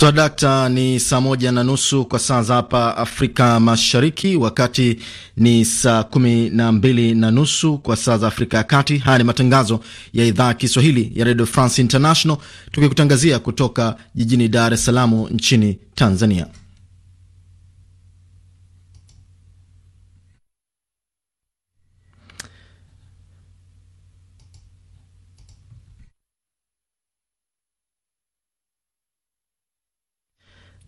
Swadakta, ni saa moja na nusu kwa saa za hapa Afrika Mashariki, wakati ni saa kumi na mbili na nusu kwa saa za Afrika ya Kati. Haya ni matangazo ya idhaa ya Kiswahili ya Radio France International, tukikutangazia kutoka jijini Dar es Salaam nchini Tanzania.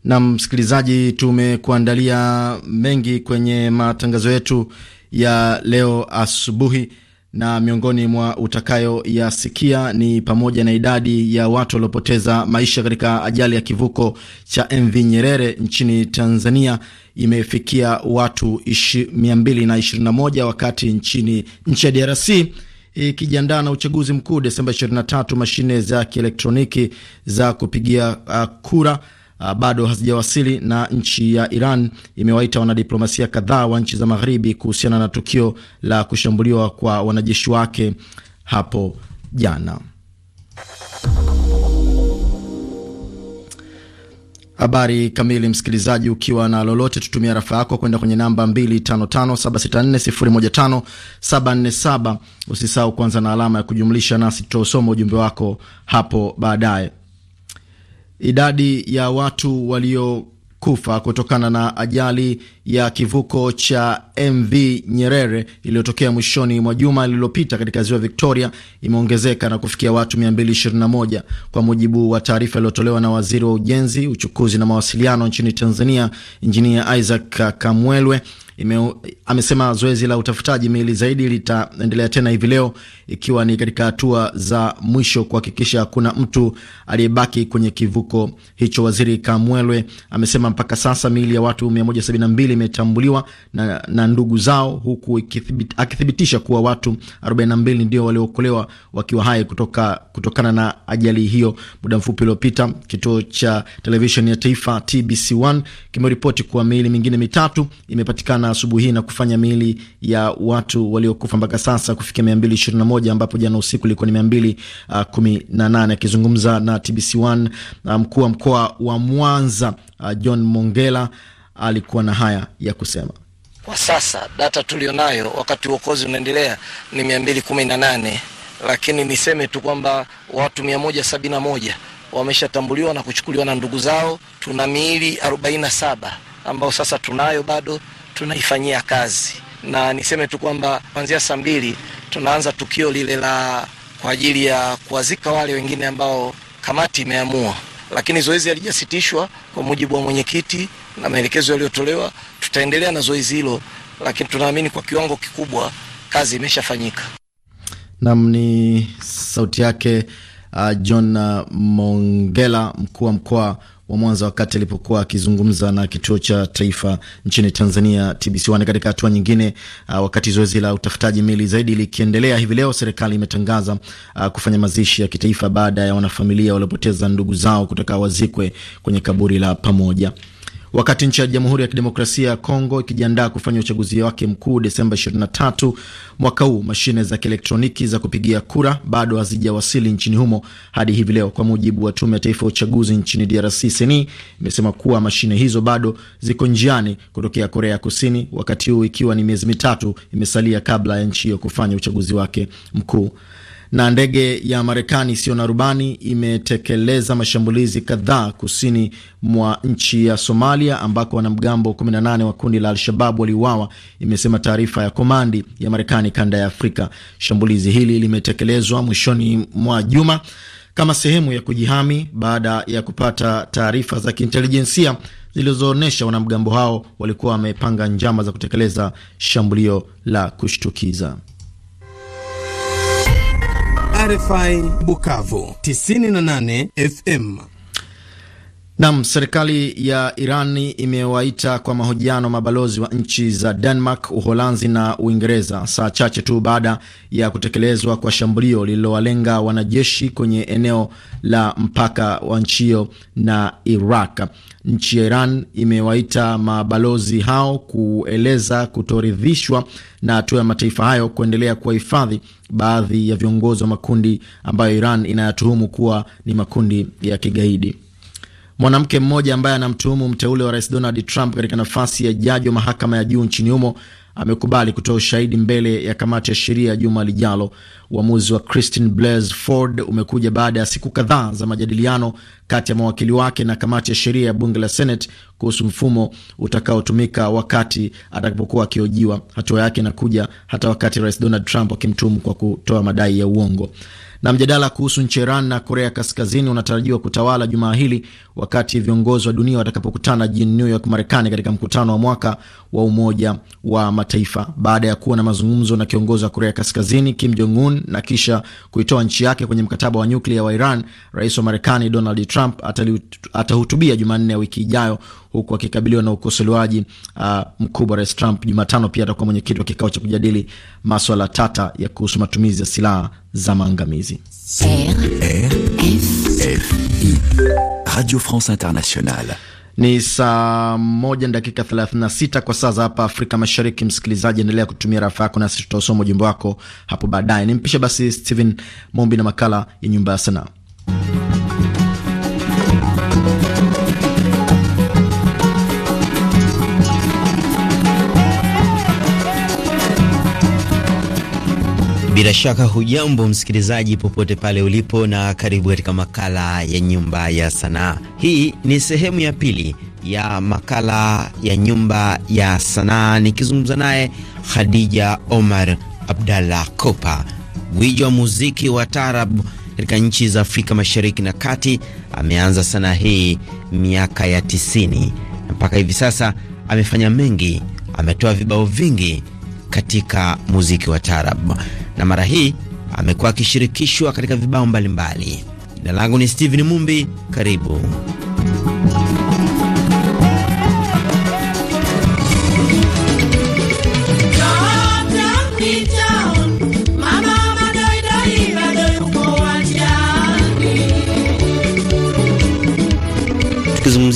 Na msikilizaji, tumekuandalia mengi kwenye matangazo yetu ya leo asubuhi, na miongoni mwa utakayoyasikia ni pamoja na idadi ya watu waliopoteza maisha katika ajali ya kivuko cha MV Nyerere nchini Tanzania imefikia watu 221 wakati nchini nchi ya DRC ikijiandaa na uchaguzi mkuu Desemba 23, mashine za kielektroniki za kupigia uh, kura uh, bado hazijawasili na nchi ya Iran imewaita wanadiplomasia kadhaa wa nchi za magharibi kuhusiana na tukio la kushambuliwa kwa wanajeshi wake hapo jana. Habari kamili, msikilizaji, ukiwa na lolote, tutumia rafa yako kwenda kwenye namba 255764015747. Usisahau kuanza na alama ya kujumlisha, nasi tutausoma ujumbe wako hapo baadaye idadi ya watu walio kufa kutokana na ajali ya kivuko cha MV Nyerere iliyotokea mwishoni mwa juma lililopita katika ziwa Victoria imeongezeka na kufikia watu 221 kwa mujibu wa taarifa iliyotolewa na waziri wa ujenzi, uchukuzi na mawasiliano nchini Tanzania, Injinia Isaac Kamwelwe. Ime, amesema zoezi la utafutaji miili zaidi litaendelea tena hivi leo, ikiwa ni katika hatua za mwisho kuhakikisha hakuna mtu aliyebaki kwenye kivuko hicho. Waziri Kamwelwe amesema mpaka sasa miili ya watu 172 imetambuliwa na, na ndugu zao, huku ikithibit, akithibitisha kuwa watu 42 ndio waliookolewa wakiwa hai kutoka, kutokana na ajali hiyo. Muda mfupi uliopita kituo cha televisheni ya taifa TBC1 kimeripoti kuwa miili mingine mitatu imepatikana asubuhi hii na kufanya miili ya watu waliokufa mpaka sasa kufikia 221 ambapo jana usiku ilikuwa ni 218. Uh, Akizungumza na TBC1 uh, mkuu wa mkoa wa Mwanza uh, John Mongela alikuwa na haya ya kusema. Kwa sasa data tulionayo wakati uokozi unaendelea ni mia mbili kumi na nane lakini niseme tu kwamba watu mia moja sabini na moja wameshatambuliwa na kuchukuliwa na ndugu zao. Tuna miili arobaini na saba ambao sasa tunayo bado tunaifanyia kazi, na niseme tu kwamba kuanzia saa mbili tunaanza tukio lile la kwa ajili ya kuwazika wale wengine ambao kamati imeamua lakini zoezi halijasitishwa kwa mujibu wa mwenyekiti na maelekezo yaliyotolewa. Tutaendelea na zoezi hilo, lakini tunaamini kwa kiwango kikubwa kazi imeshafanyika. Nam ni sauti yake uh, John Mongela, mkuu wa mkoa wa Mwanza wakati alipokuwa akizungumza na kituo cha taifa nchini Tanzania TBC1. Katika hatua nyingine, uh, wakati zoezi la utafutaji mili zaidi likiendelea hivi leo, serikali imetangaza uh, kufanya mazishi ya kitaifa baada ya wanafamilia waliopoteza ndugu zao kutaka wazikwe kwenye kaburi la pamoja. Wakati nchi ya Jamhuri ya Kidemokrasia ya Kongo ikijiandaa kufanya uchaguzi wake mkuu Desemba 23 mwaka huu, mashine za kielektroniki za kupigia kura bado hazijawasili nchini humo hadi hivi leo, kwa mujibu wa Tume ya Taifa ya Uchaguzi nchini DRC. Seni imesema kuwa mashine hizo bado ziko njiani kutokea Korea Kusini, wakati huu ikiwa ni miezi mitatu imesalia kabla ya nchi hiyo kufanya uchaguzi wake mkuu. Na ndege ya Marekani isiyo na rubani imetekeleza mashambulizi kadhaa kusini mwa nchi ya Somalia ambako wanamgambo 18 wa kundi la Al-Shabab waliuawa, imesema taarifa ya komandi ya Marekani kanda ya Afrika. Shambulizi hili limetekelezwa mwishoni mwa juma kama sehemu ya kujihami baada ya kupata taarifa za kiintelijensia zilizoonyesha wanamgambo hao walikuwa wamepanga njama za kutekeleza shambulio la kushtukiza. RFI Bukavu 98 FM. Nam, serikali ya iran imewaita kwa mahojiano mabalozi wa nchi za Denmark, Uholanzi na Uingereza saa chache tu baada ya kutekelezwa kwa shambulio lililowalenga wanajeshi kwenye eneo la mpaka wa nchi hiyo na Iraq nchi ya Iran imewaita mabalozi hao kueleza kutoridhishwa na hatua ya mataifa hayo kuendelea kuwahifadhi baadhi ya viongozi wa makundi ambayo Iran inayatuhumu kuwa ni makundi ya kigaidi. Mwanamke mmoja ambaye anamtuhumu mteule wa rais Donald Trump katika nafasi ya jaji wa mahakama ya juu nchini humo amekubali kutoa ushahidi mbele ya kamati ya sheria juma lijalo. Uamuzi wa Christine Blasey Ford umekuja baada ya siku kadhaa za majadiliano kati ya mawakili wake na kamati ya sheria ya bunge la Senate kuhusu mfumo utakaotumika wakati atakapokuwa akihojiwa. Hatua yake inakuja hata wakati Rais Donald Trump akimtumu kwa kutoa madai ya uongo. Na mjadala kuhusu nchi Iran na Korea Kaskazini unatarajiwa kutawala jumaa hili wakati viongozi wa dunia watakapokutana jijini New York, Marekani, katika mkutano wa mwaka wa Umoja wa Mataifa baada ya kuwa na mazungumzo na kiongozi wa Korea Kaskazini Kim Jong Un na kisha kuitoa nchi yake kwenye mkataba wa nyuklia wa Iran. Rais wa Marekani Donald Trump atahutubia Jumanne ya wiki ijayo huku akikabiliwa na ukosolewaji uh, mkubwa. Rais Trump Jumatano pia atakuwa mwenyekiti wa kikao cha kujadili maswala tata ya kuhusu matumizi ya silaha za maangamizi. RFI Radio France Internationale. Ni saa moja na dakika 36 kwa saa za hapa Afrika Mashariki. Msikilizaji, endelea kutumia rafa yako nasi tutausoma ujumbe wako hapo baadaye. Nimpishe basi Steven Mombi na makala ya nyumba ya sanaa. Bila shaka hujambo msikilizaji, popote pale ulipo, na karibu katika makala ya nyumba ya sanaa. Hii ni sehemu ya pili ya makala ya nyumba ya sanaa, nikizungumza naye Khadija Omar Abdallah Kopa, gwiji wa muziki wa tarab katika nchi za Afrika Mashariki na Kati. Ameanza sanaa hii miaka ya tisini na mpaka hivi sasa amefanya mengi, ametoa vibao vingi katika muziki wa tarab na mara hii amekuwa akishirikishwa katika vibao mbalimbali. Jina langu ni Steven Mumbi, karibu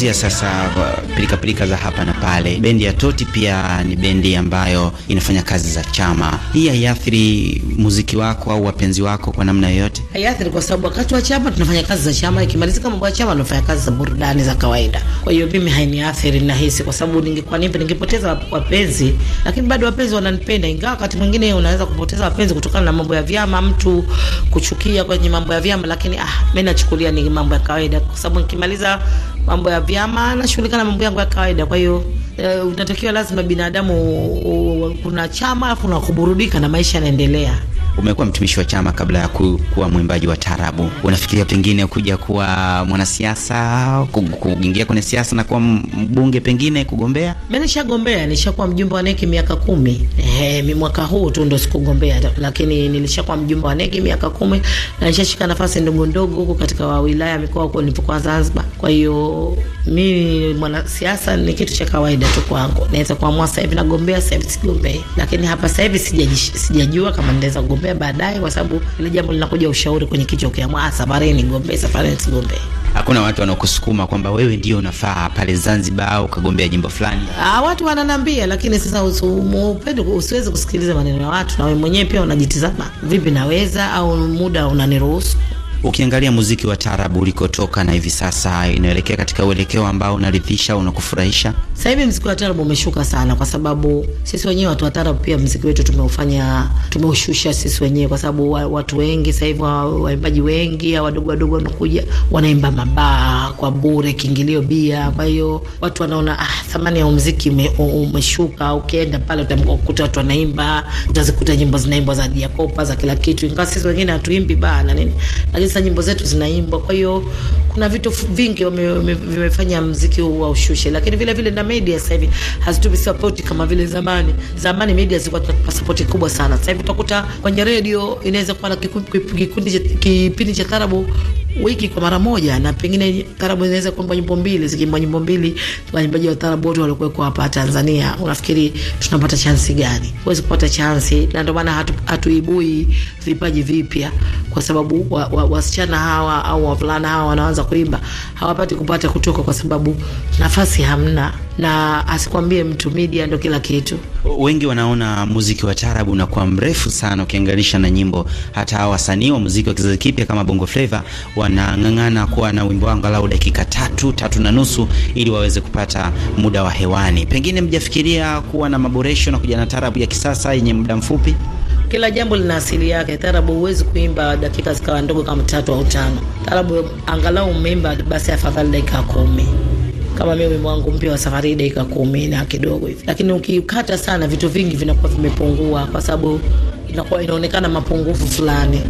kuangazia sasa uh, pilika pilika za hapa na pale. Bendi ya Toti pia ni bendi ambayo inafanya kazi za chama. Hii haiathiri muziki wako au wapenzi wako kwa namna yoyote? Haiathiri kwa sababu wakati wa chama tunafanya kazi za chama, ikimalizika mambo ya chama tunafanya kazi za burudani za kawaida. Kwa hiyo mimi hainiathiri nahisi, kwa sababu ningekuwa nipe ningepoteza wapenzi, lakini bado wapenzi wananipenda, ingawa wakati mwingine unaweza kupoteza wapenzi kutokana na mambo ya vyama, mtu kuchukia kwenye mambo ya vyama, lakini ah, mimi nachukulia ni mambo ya kawaida, kwa sababu nikimaliza mambo ya vyama, anashughulika na mambo yangu ya kawaida. Kwa hiyo uh, eh, unatakiwa lazima binadamu, uh, uh, kuna chama alafu unakuburudika na maisha yanaendelea umekuwa mtumishi wa chama kabla ya ku, kuwa mwimbaji wa taarabu. Unafikiria pengine kuja kuwa mwanasiasa, kuingia kwenye siasa na kuwa mbunge, pengine kugombea? Mi nishagombea, nishakuwa mjumbe wa neki miaka kumi. Ehe, mwaka huu tu ndo sikugombea, lakini nilishakuwa mjumbe wa neki miaka kumi na nishashika nafasi ndogo ndogo huko katika wilaya mikoa huko nilipokuwa Zanzibar. Kwa hiyo mimi mwanasiasa ni kitu cha kawaida tu kwangu. Naweza kuamua sasa hivi nagombea, sasa hivi sigombei, lakini hapa sasa hivi sijajua kama nitaweza kugombea baadaye, kwa sababu ile jambo linakuja ushauri kwenye kichwa, ukiamua ah, safari nigombee, safari nisigombee. Hakuna watu wanaokusukuma kwamba wewe ndio unafaa pale Zanzibar au ukagombea jimbo fulani. Ah, watu wananambia, lakini sasa usiupende, usiweze kusikiliza maneno ya watu, na wewe mwenyewe pia unajitizama, vipi naweza au muda unaniruhusu ukiangalia muziki wa taarabu ulikotoka na hivi sasa inaelekea katika uelekeo ambao unaridhisha, unakufurahisha. Sasa hivi muziki wa taarabu umeshuka sana, kwa sababu sisi wenyewe watu wa taarabu pia muziki wetu tumeufanya, tumeushusha sisi wenyewe, kwa sababu wa, watu wengi sasa hivi, waimbaji wa wengi wadogo wadogo wanakuja wanaimba mabaa kwa bure, kiingilio bia. Kwa hiyo watu wanaona ah, thamani ya muziki umeshuka. Ukienda pale utakuta watu wanaimba, utazikuta nyimbo zinaimbwa za diakopa za kila kitu, ingawa sisi wengine hatuimbi baa na nini, lakini kabisa nyimbo zetu zinaimbwa. Kwa hiyo kuna vitu vingi vimefanya mziki huu wa ushushe lakini vile vile na media sasa hivi hazitupi support kama vile zamani. Zamani media zilikuwa tunatupa support kubwa sana. Sasa hivi utakuta kwenye redio inaweza kuwa na kikundi kipindi cha tarabu wiki kwa mara moja, na pengine tarabu inaweza kuimba nyimbo mbili. Zikiimba nyimbo mbili, waimbaji wa tarabu wote waliokuwepo hapa Tanzania, unafikiri tunapata chansi gani? Huwezi kupata chansi, na ndio maana hatu, hatuibui vipaji vipya, kwa sababu wasichana wa, wa hawa au wavulana hawa wanaanza kuimba hawapati kupata kutoka, kwa sababu nafasi hamna na asikwambie mtu, media ndo kila kitu. Wengi wanaona muziki wa tarabu unakuwa mrefu sana ukiangalisha na nyimbo. Hata hawa wasanii wa muziki wa kizazi kipya kama Bongo Flava wanang'ang'ana kuwa na wimbo wao angalau dakika tatu tatu na nusu ili waweze kupata muda wa hewani. Pengine mjafikiria kuwa na maboresho na kuja na tarabu ya kisasa yenye muda mfupi? Kila jambo lina asili yake. Tarabu huwezi kuimba dakika zikawa ndogo kama tatu au tano. Tarabu angalau umeimba basi afadhali dakika kumi kama mimi wimbo wangu mpya wa safari dakika kumi na kidogo hivi, lakini ukikata sana vitu vingi vinakuwa vimepungua, kwa sababu inakuwa inaonekana mapungufu fulani.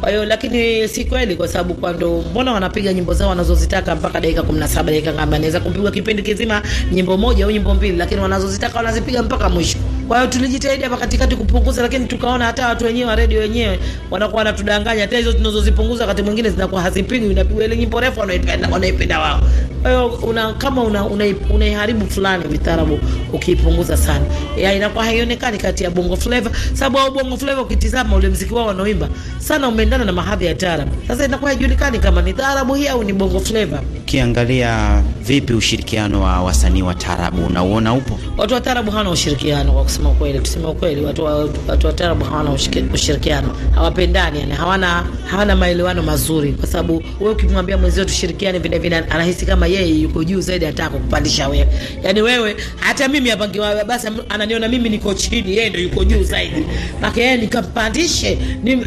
Kwa hiyo lakini si kweli, kwa sababu kwa ndo mbona wanapiga nyimbo zao wanazozitaka mpaka dakika 17 dakika, kama anaweza kupigwa kipindi kizima nyimbo moja au nyimbo mbili, lakini wanazozitaka wanazipiga mpaka mwisho. Kwa hiyo tulijitahidi hapa katikati kupunguza, lakini tukaona hata watu wenyewe wa redio wenyewe wanakuwa wanatudanganya. Hata hizo tunazozipunguza wakati mwingine zinakuwa hazipigwi, inapigwa ile nyimbo refu wanaipenda wanaipenda wao. Kwa hiyo una, kama una, unaiharibu una fulani vitarabu ukiipunguza sana, ya inakuwa haionekani kati ya bongo flava, sababu au bongo flava ukitizama ule mziki wao wanaoimba sana umeendana na mahadhi ya tarabu. Sasa inakuwa haijulikani kama ni tarabu hii au ni bongo flava. Ukiangalia vipi ushirikiano wa wasanii wa tarabu, na uona upo watu wa tarabu hawana ushirikiano kwa kusema ukweli, tuseme ukweli, watu wa watu wa wataalamu hawana ushirikiano, hawapendani, yani hawana hawana maelewano mazuri, kwa sababu wewe ukimwambia mwenzio tushirikiane, vile vile anahisi kama yeye yuko juu zaidi, anataka kukupandisha wewe. Yani wewe hata mimi hapa ngiwa basi, ananiona mimi niko chini, yeye ndio yuko juu zaidi, maka yeye nikampandishe,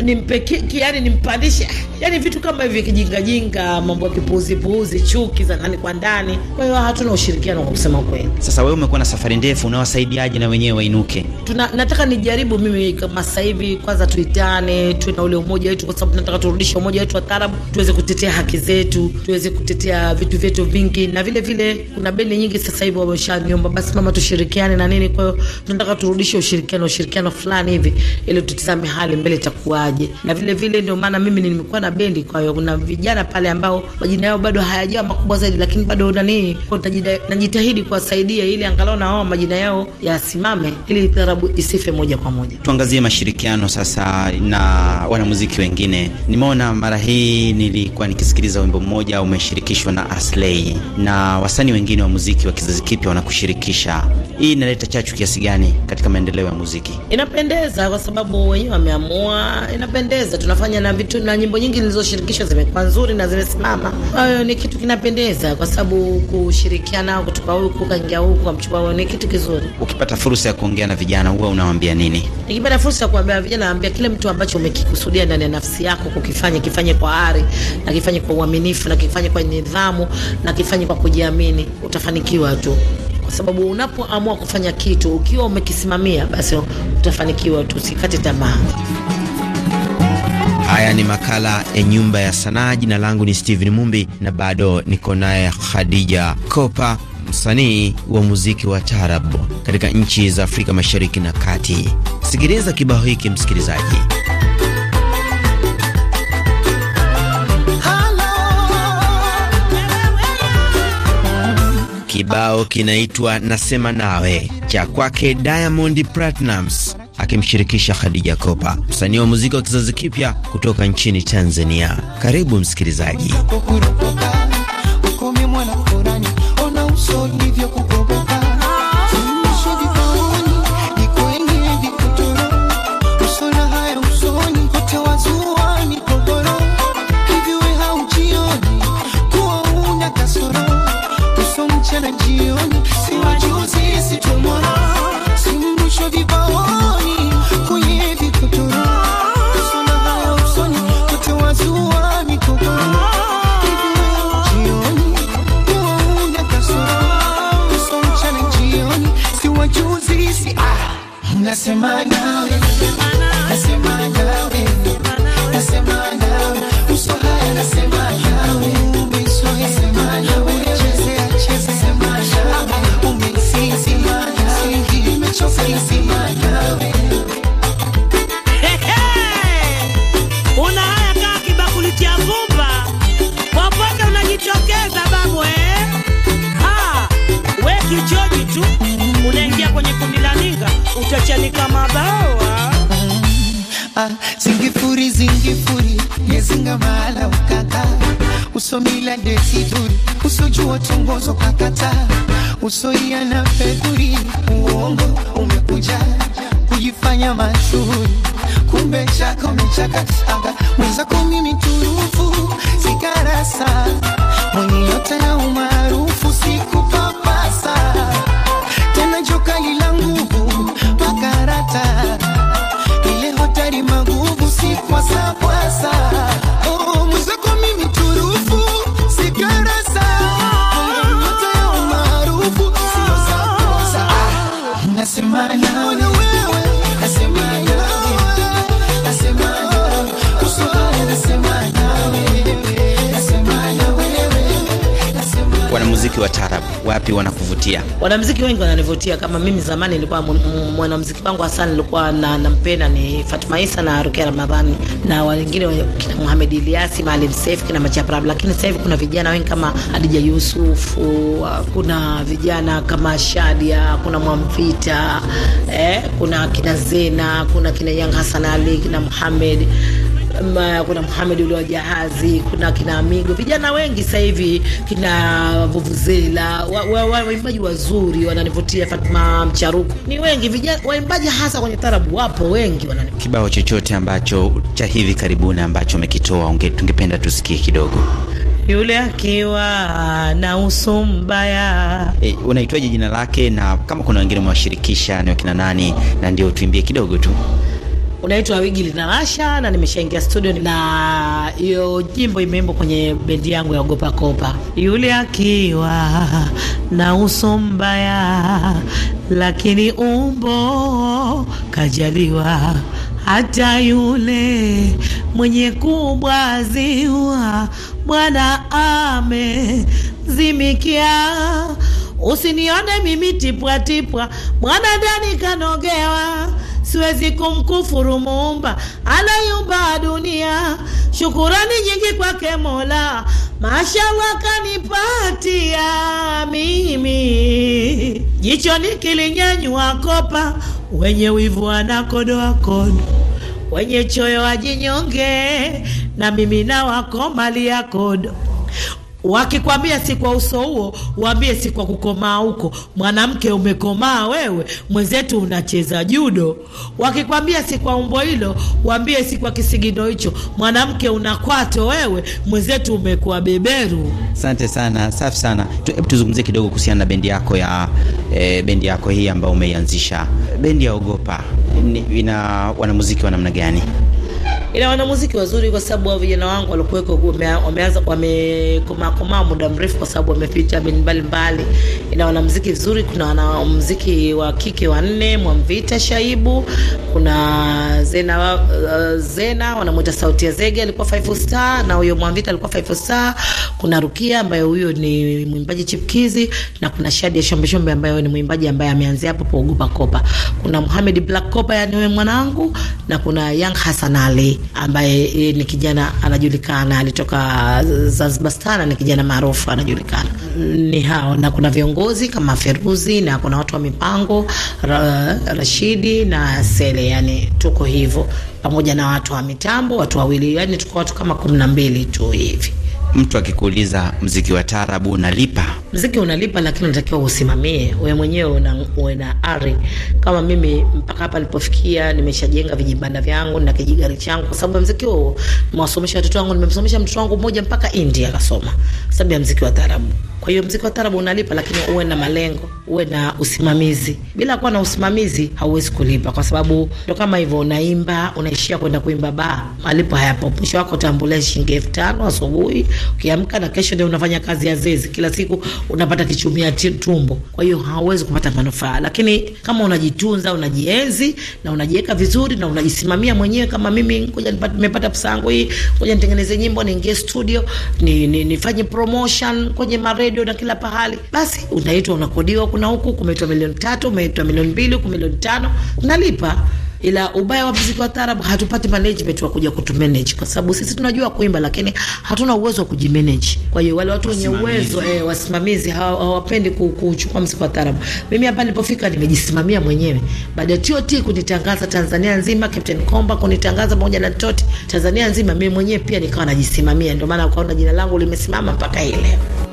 nimpe yani nimpandishe, yani vitu kama hivi, kijinga jinga, mambo ya kipuzi puzi, chuki za ndani kwa ndani. Kwa hiyo hatuna ushirikiano kwa kusema kweli. Sasa wewe umekuwa na safari ndefu, unawasaidiaje na wenyewe iinuke. Tuna, nataka nijaribu mimi kama sasa hivi, kwanza tuitane, tuwe na ule umoja wetu, kwa sababu tunataka turudishe umoja wetu wa taarabu, tuweze kutetea haki zetu, tuweze kutetea vitu vyetu vingi, na vile vile kuna bendi nyingi sasa hivi wameshaniomba, basi mama, tushirikiane na nini. Kwa hiyo tunataka turudishe ushirikiano, ushirikiano fulani hivi, ili tutizame hali mbele itakuwaje, na vile vile ndio maana mimi nimekuwa na bendi. Kwa hiyo kuna vijana pale ambao majina yao bado hayajawa makubwa zaidi, lakini bado nanii, najitahidi kuwasaidia ili angalau na wao majina yao yasimame ili tarabu isife moja kwa moja. Tuangazie mashirikiano sasa na wanamuziki wengine. Nimeona mara hii nilikuwa nikisikiliza wimbo mmoja umeshirikishwa na Aslay na wasanii wengine wa muziki wa kizazi kipya wanakushirikisha. Hii inaleta chachu kiasi gani katika maendeleo ya muziki? Inapendeza kwa sababu wenyewe wameamua, inapendeza. Tunafanya na vitu na nyimbo nyingi zilizoshirikishwa zimekuwa nzuri na zimesimama. Hayo ni kitu kinapendeza kwa sababu kushirikiana kutoka huku kaingia huku kamchukua, ni kitu kizuri ukipata fursa ya kuongea unapoongea na vijana huwa unawaambia nini? Nikipata fursa ya kuambia vijana, naambia kile mtu ambacho umekikusudia ndani ya nafsi yako kukifanya, kifanye kwa ari na kifanye kwa uaminifu na kifanye kwa nidhamu na kifanye kwa kujiamini, utafanikiwa tu kwa sababu unapoamua kufanya kitu ukiwa umekisimamia basi utafanikiwa tu, usikate tamaa. Haya ni makala ya Nyumba ya Sanaa. Jina langu ni Steven Mumbi na bado niko naye Khadija Kopa msanii wa muziki wa tarabu katika nchi za Afrika Mashariki na Kati. Sikiliza kibao hiki msikilizaji. Kibao kinaitwa Nasema Nawe cha kwake Diamond Platnumz akimshirikisha Khadija Kopa, msanii wa muziki wa kizazi kipya kutoka nchini Tanzania. Karibu msikilizaji. Una ni kama bawa ah, zingifuri zingifuri yezinga mahala ukaka usomila desituri usojua tongozo kakata usoia na pekuri uongo umekuja kujifanya mashuhuri kumbe chako mechakataga mwenzako mimi turufu sikarasa mwenye yote nauma wanamuziki wa taarab wapi wanakuvutia? Wanamuziki wengi wananivutia. Kama mimi zamani nilikuwa mwanamuziki wangu hasa nilikuwa na nampenda ni Fatuma Isa na Rukia Ramadhani na wengine kina Muhammad Ilyasi, Maalim Seif, kina Machaprab. Lakini sasa hivi kuna vijana wengi kama Adija Yusuf, uh, kuna vijana kama Shadia, kuna Mwamvita eh, kuna kina Zena, kuna kina Young Hassan Ali, kina Muhammad ma, kuna Muhamed ule wa jahazi, kuna kina Amigo, vijana wengi sasa hivi kina Vuvuzela, waimbaji wa, wa, wa wazuri wananivutia, Fatma Mcharuku, ni wengi vijana waimbaji hasa kwenye tarabu wapo wengi wananivutia. Kibao chochote ambacho cha hivi karibuni ambacho umekitoa tungependa tusikie kidogo. Yule akiwa na uso mbaya. E, unaitwaje jina lake, na kama kuna wengine umewashirikisha ni wakina nani, na ndio tuimbie kidogo tu unaitwa Wigi Linarasha na nimeshaingia studio, na hiyo jimbo imeimbwa kwenye bendi yangu ya Ogopa Kopa. Yule akiwa na uso mbaya, lakini umbo kajaliwa hata yule mwenye kubwa ziwa, Bwana amezimikia. Usinione mimi tipwatipwa, mwanadani kanogewa siwezi kumkufuru Muumba aliumba dunia, shukurani nyingi kwake Mola, mashallah kanipatia mimi. Jicho nikilinyanyua kopa, wenye wivu anakodoa kodo, wenye choyo wajinyonge, na mimi na wako mali ya kodo Wakikwambia si kwa uso huo, waambie si kwa kukomaa huko. Mwanamke umekomaa wewe, mwenzetu unacheza judo. Wakikwambia si kwa umbo hilo, waambie si kwa kisigino hicho. Mwanamke unakwato wewe, mwenzetu umekuwa beberu. Asante sana, safi sana. Hebu tuzungumzie kidogo kuhusiana na bendi yako ya e, bendi yako hii ambayo umeianzisha, bendi ya Ogopa. Ina wanamuziki wa namna gani? ina wanamuziki wazuri, kwa sababu wao vijana wangu walikuweko wameanza wamekomakomaa muda mrefu, kwa sababu wameficha bendi mbalimbali. Ina wanamuziki vizuri, kuna wanamuziki wa kike wanne, Mwamvita Shaibu, kuna Zena, uh, Zena wanamwita sauti ya Zege, alikuwa five star, na huyo Mwamvita alikuwa five star. Kuna Rukia ambaye huyo ni mwimbaji chipkizi, na kuna Shadi ya Shombe Shombe ambaye ni mwimbaji ambaye ameanzia hapo kuogopa kopa. Kuna Muhammad Black Kopa, yani wewe mwanangu, na kuna Young Hassan Ali ambaye e, ni kijana anajulikana, alitoka Zanzibar Stars, ni kijana maarufu anajulikana. Ni hao na kuna viongozi kama Feruzi na kuna watu wa mipango ra, Rashidi na Sele, yani tuko hivyo pamoja na watu wa mitambo, watu wawili, yani tuko watu kama kumi na mbili tu hivi mtu akikuuliza mziki wa tarabu unalipa, mziki unalipa, lakini unatakiwa usimamie wewe mwenyewe, una, na ari kama mimi. Mpaka hapa nilipofikia, nimeshajenga vijibanda vyangu na kijigari changu, kwa sababu ya mziki huo. Nimewasomesha watoto wangu, nimemsomesha mtoto wangu mmoja mpaka India akasoma, sababu ya mziki wa taarabu. Kwa hiyo mziki wa tarabu unalipa, lakini uwe na malengo, uwe na usimamizi. Bila kuwa na usimamizi hauwezi kulipa, kwa sababu ndo kama hivyo, unaimba unaishia kwenda kuimba baa, malipo hayapo. Mwisho wako utaambulia shilingi elfu tano asubuhi ukiamka, na kesho ndio unafanya kazi ya zezi kila siku, unapata kichumia tumbo. Kwa hiyo hauwezi kupata manufaa, lakini kama unajitunza, unajienzi na unajiweka vizuri na unajisimamia mwenyewe, kama mimi, ngoja nimepata pesa yangu hii, ngoja nitengeneze nyimbo, niingie studio, nifanye ni, ni promotion kwenye maredio redio na kila pahali, basi unaitwa, unakodiwa, kuna huku kumeitwa milioni tatu, umeitwa milioni mbili, huku milioni tano, unalipa ila ubaya wa muziki wa taarabu hatupati management wa kuja kutumanage, kwa sababu sisi tunajua kuimba, lakini hatuna uwezo wa kujimanage. Kwa hiyo wale watu wenye uwezo eh, wasimamizi hawapendi kuchukua muziki wa taarabu. Mimi hapa nilipofika nimejisimamia mwenyewe baada ya TOT kunitangaza Tanzania nzima, Captain Komba kunitangaza pamoja na TOT Tanzania nzima, mimi mwenyewe pia nikawa najisimamia, ndio maana ukaona jina langu limesimama mpaka hii leo.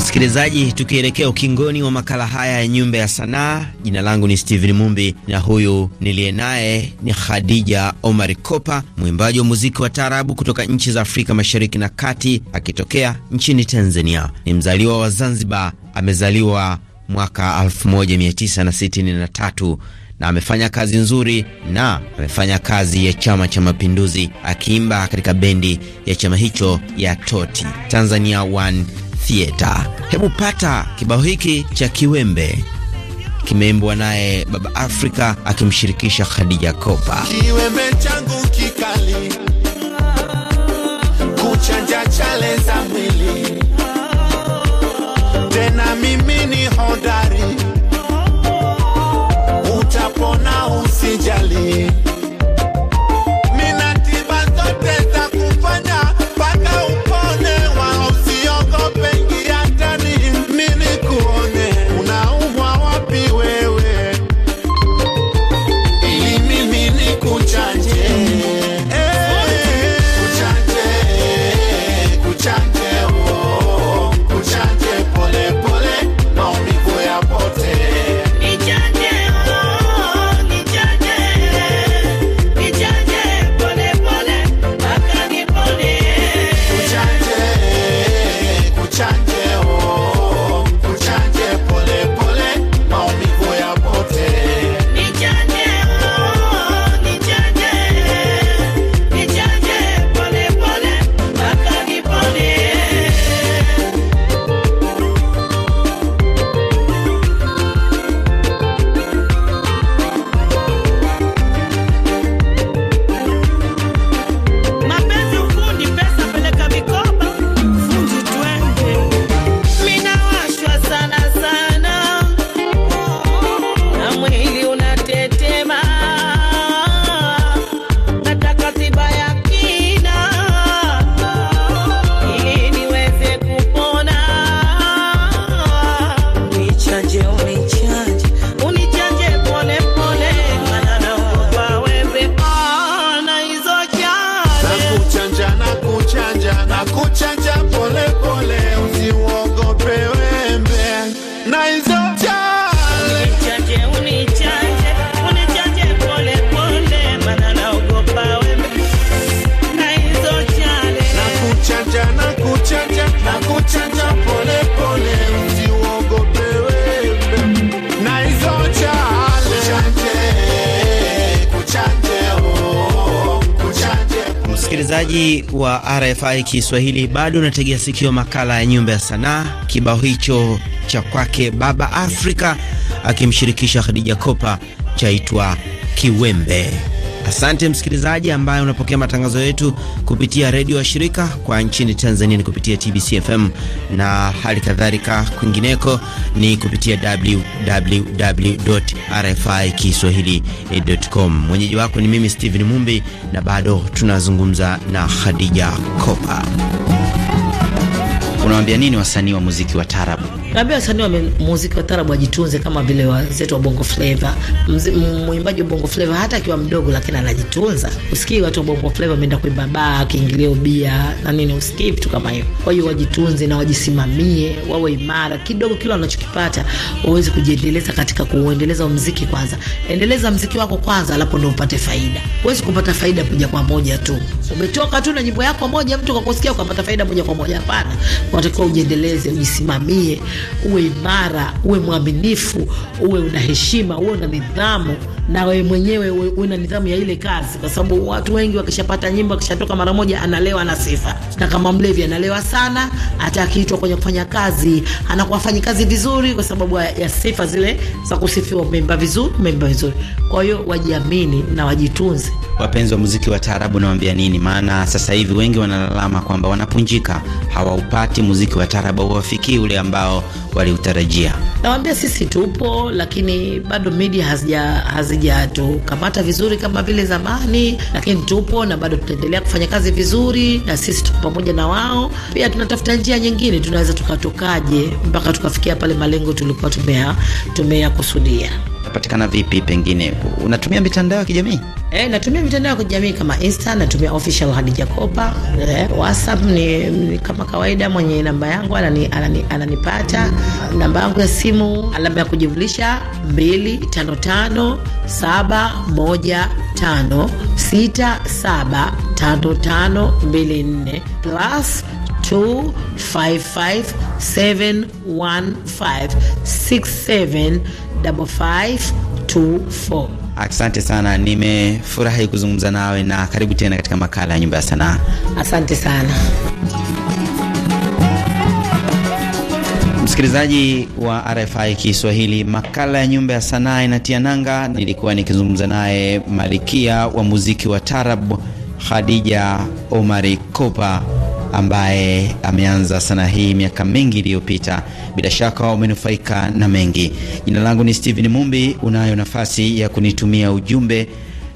Msikilizaji, tukielekea ukingoni wa makala haya ya Nyumba ya Sanaa, jina langu ni Steven Mumbi na huyu niliye naye ni Khadija Omar Kopa, mwimbaji wa muziki wa taarabu kutoka nchi za Afrika Mashariki na Kati, akitokea nchini Tanzania. Ni mzaliwa wa Zanzibar, amezaliwa mwaka 1963 na amefanya kazi nzuri na amefanya kazi ya Chama cha Mapinduzi akiimba katika bendi ya chama hicho ya Toti Tanzania One Theater. Hebu pata kibao hiki cha Kiwembe, kimeimbwa naye Baba Afrika akimshirikisha Khadija Kopa. Kiwembe changu kikali kuchanja chale za msikilizaji wa RFI Kiswahili, bado unategea sikio makala ya nyumba ya sanaa. Kibao hicho cha kwake Baba Afrika akimshirikisha Khadija Kopa chaitwa Kiwembe. Asante msikilizaji ambaye unapokea matangazo yetu kupitia redio wa shirika kwa nchini Tanzania ni kupitia TBC FM na hali kadhalika kwingineko ni kupitia www RFI kiswahili.com. Mwenyeji wako ni mimi Steven Mumbi, na bado tunazungumza na Khadija Kopa. Unawaambia nini wasanii wa muziki wa tarabu? Naambia wasanii wa muziki wa tarabu wajitunze kama vile wazetu wa bongo flava. Mwimbaji wa bongo flava hata akiwa mdogo, lakini anajitunza. Usikii watu wa bongo flava wameenda kuimba baa, kiingilio, ubia na nini, usikii vitu kama hiyo. Kwa hiyo wajitunze na wajisimamie, wawe imara kidogo, kila wanachokipata waweze kujiendeleza katika kuuendeleza muziki. Kwanza endeleza muziki wako kwanza, alapo ndo upate faida. Huwezi kupata faida moja kwa moja tu, umetoka tu na nyimbo yako moja, mtu kakusikia ukapata faida moja kwa moja, hapana unatakiwa ujiendeleze, ujisimamie, uwe imara, uwe mwaminifu, uwe una heshima, uwe una nidhamu na wewe mwenyewe uwe na nidhamu ya ile kazi, kwa sababu watu wengi wakishapata nyimbo, akishatoka mara moja analewa na sifa, na kama mlevi analewa sana, hata akiitwa kwenye kufanya kazi anakuwa afanyi kazi vizuri, kwa sababu ya sifa zile za kusifiwa, umeimba vizuri, umeimba vizuri. Kwa hiyo wajiamini na wajitunze. Wapenzi wa muziki wa taarabu, nawaambia nini? Maana sasa hivi wengi wanalalama kwamba wanapunjika, hawaupati muziki wa taarabu, hauwafikii ule ambao waliutarajia. Nawaambia sisi tupo, lakini bado media hazija hatujatukapata vizuri kama vile zamani, lakini tupo na bado tutaendelea kufanya kazi vizuri, na sisi tuko pamoja na wao. Pia tunatafuta njia nyingine tunaweza tukatokaje mpaka tukafikia pale malengo tulikuwa tumeyakusudia kupatikana vipi? Pengine unatumia mitandao ya kijamii? Eh, natumia mitandao ya kijamii kama Insta, natumia official Hadija Kopa. Eh, WhatsApp ni, ni kama kawaida, mwenye namba yangu anani, anani, ananipata. Namba yangu ya simu alama ya kujivulisha 255 715 67 5524 plus 5524. Asante sana, nimefurahi kuzungumza nawe na karibu tena katika makala ya Nyumba ya Sanaa. Asante sana. Msikilizaji wa RFI Kiswahili, makala ya nyumba ya sanaa inatia nanga. Nilikuwa nikizungumza naye malikia wa muziki wa tarab Khadija Omari Kopa ambaye ameanza sanaa hii miaka mingi iliyopita. Bila shaka umenufaika na mengi. Jina langu ni Steven Mumbi. Unayo nafasi ya kunitumia ujumbe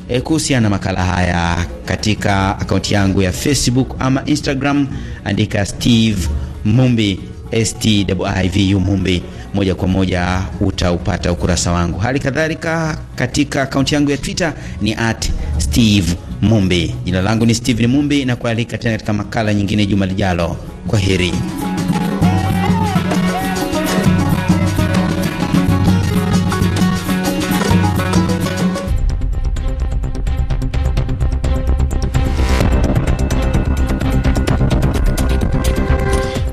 e, kuhusiana na makala haya katika akaunti yangu ya Facebook ama Instagram, andika Steve Mumbi Stivu Mumbi, moja kwa moja utaupata ukurasa wangu. Hali kadhalika katika akaunti yangu ya Twitter ni at Steve Mumbi. Jina langu ni Steven Mumbi na kualika tena katika makala nyingine juma lijalo. Kwa heri.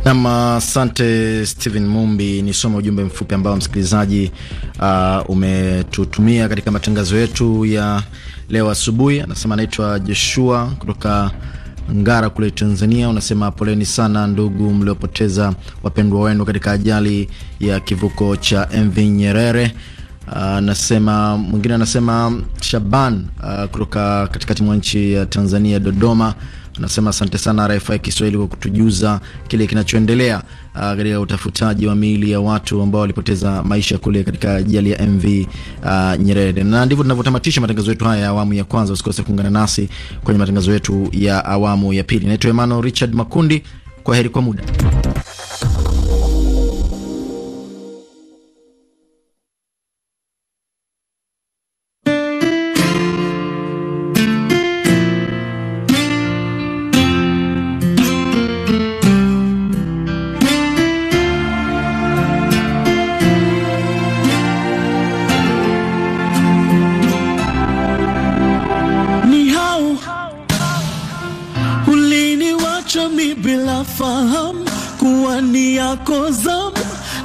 Nam, asante stephen Mumbi. Nisome ujumbe mfupi ambao msikilizaji uh, umetutumia katika matangazo yetu ya leo asubuhi. Anasema anaitwa Joshua kutoka Ngara kule Tanzania. Unasema poleni sana ndugu mliopoteza wapendwa wenu katika ajali ya kivuko cha MV Nyerere. Uh, anasema uh, mwingine anasema Shaban uh, kutoka katikati mwa nchi ya Tanzania, Dodoma Tunasema asante sana RFI Kiswahili kwa kutujuza kile kinachoendelea uh, katika uh, utafutaji wa miili ya watu ambao walipoteza maisha kule katika ajali ya MV uh, Nyerere. Na ndivyo tunavyotamatisha matangazo yetu haya ya awamu ya kwanza. Usikose kuungana nasi kwenye matangazo yetu ya awamu ya pili. Naitwa Emmanuel Richard Makundi. Kwa heri kwa muda.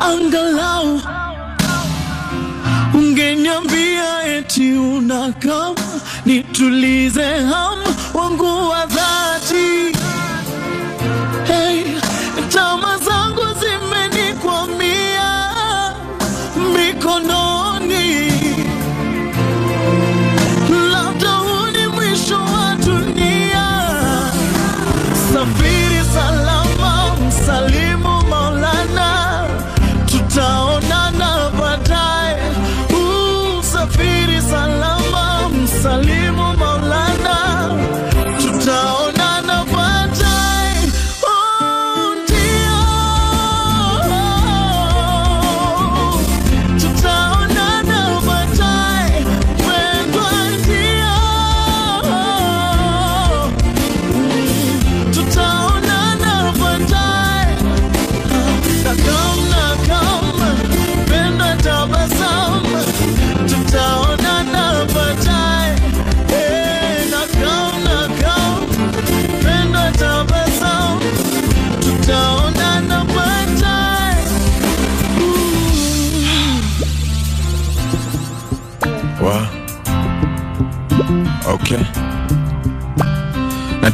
angalau ungeniambia eti unakama nitulize hamu wangu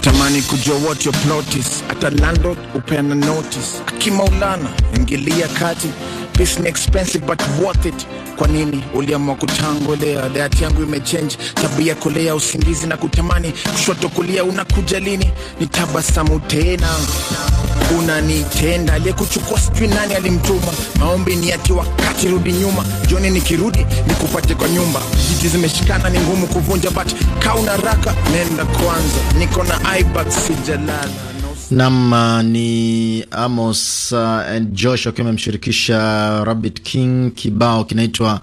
natamani kujua what your plot is hata landlord upeana notice akimaulana ingilia kati Peace ni expensive but worth it kwa nini uliamua kutangolea? Dayati yangu imechange tabia, kulea usingizi na kutamani kushoto kulia, unakuja lini? Ni tabasamu tena unanitenda aliyekuchukua sijui nani alimtuma maombi ni ati wakati rudi nyuma joni nikirudi nikupate kwa nyumba jiti zimeshikana ni ngumu kuvunja but kauna raka nenda kwanza niko na ibax sijalala Nam uh, ni Amos uh, and Josh akiwa amemshirikisha Rabbit King, kibao kinaitwa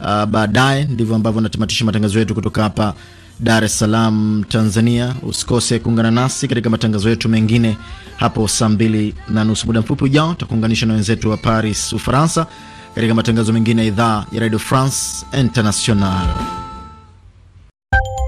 uh, baadaye. Ndivyo ambavyo natamatisha matangazo yetu kutoka hapa Dar es Salaam, Tanzania. Usikose kuungana nasi katika matangazo yetu mengine hapo saa mbili na nusu. Muda mfupi ujao tutakuunganisha na wenzetu wa Paris, Ufaransa, katika matangazo mengine ya idhaa ya Radio France International.